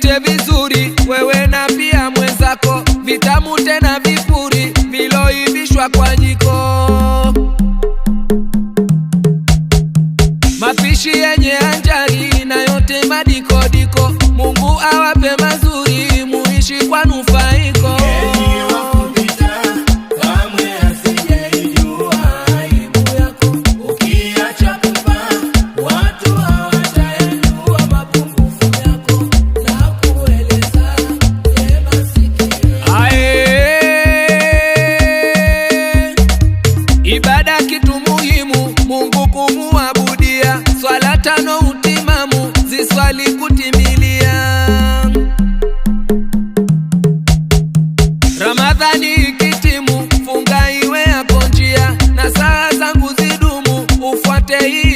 vyote vizuri, wewe na pia mwenzako, vitamu tena vipuri, viloivishwa kwa jiko. Mapishi yenye anjari na yote madikodiko, Mungu awape mazuri, muishi kwa nufa Ibada kitu muhimu, Mungu kumuabudia. Swala tano utimamu, ziswali kutimilia. Ramadhani ikitimu, funga iwe yako njia, na saa zangu zidumu, ufuate hii